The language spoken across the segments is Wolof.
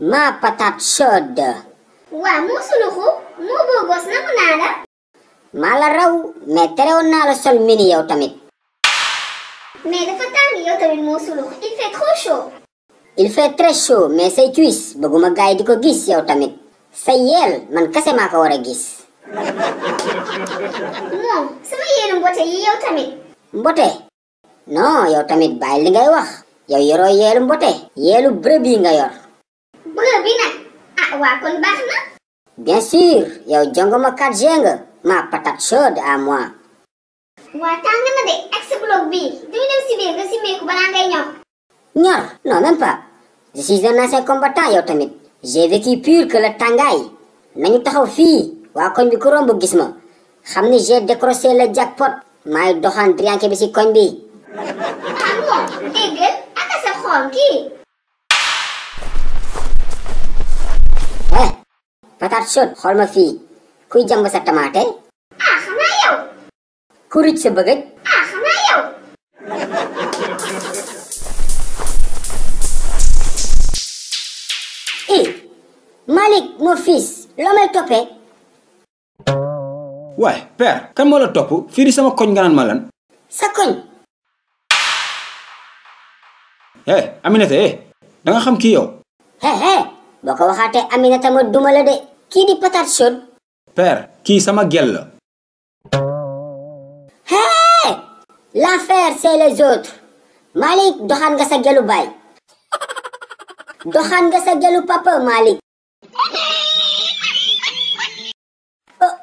ma patate chaude. waa moo suluxu moo boo gos namu naa la. maa la raw mais terewoon naa la sol mini yow tamit. mais dafa tàng yow tamit moo sulux il fait trop chaud. il fait très chaud mais di ko gis yow tamit. say yeel man kase maa ko war a gis. moom sama yéenu mbote yi yow tamit. mbote. non yow tamit bàyyi li ngay wax. yow yoroo mbote. yeelu bërëb yi nga yor. binat awa kon Bien sûr yow jongoma 4G nga ma patate chaude à moi Wa na de bi duñu dem ci biir nga simé ko bala ngay ñor Ñor non même pas Je suis un ancien combattant yow j'ai vécu pur que le fi wa bi j'ai décroché le jackpot may dohan trianké bi ci koñ bi Ah bon patate chaude xool ma fii kuy jàmb sa tamaate ah xanaa yow ku ruj sa bëgëj ah xanaa yow eh Malick may toppee waaye père kan moo la topp fii di sama koñ nga naan ma lan sa koñ eh Aminata eh da xam kii yow eh eh boo ko waxaatee Aminata ma duma la de kii di patate chaude. père kii sama gel la. hey l'affaire c'est les autres Malick doxaan nga sa gelu baay. doxaan nga sa gelu papa Malick. Oh.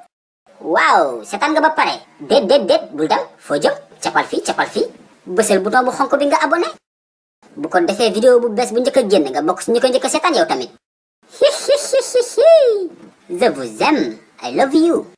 waaw seetaan nga ba pare déet déet déet bul daw foo jëm cappal fii cappal fii bësal bouton bu xonk bi nga abonné bu ko defee vidéo bu bees bu njëkk a génn nga bokk si ñu ko njëkk tamit The vous I love you.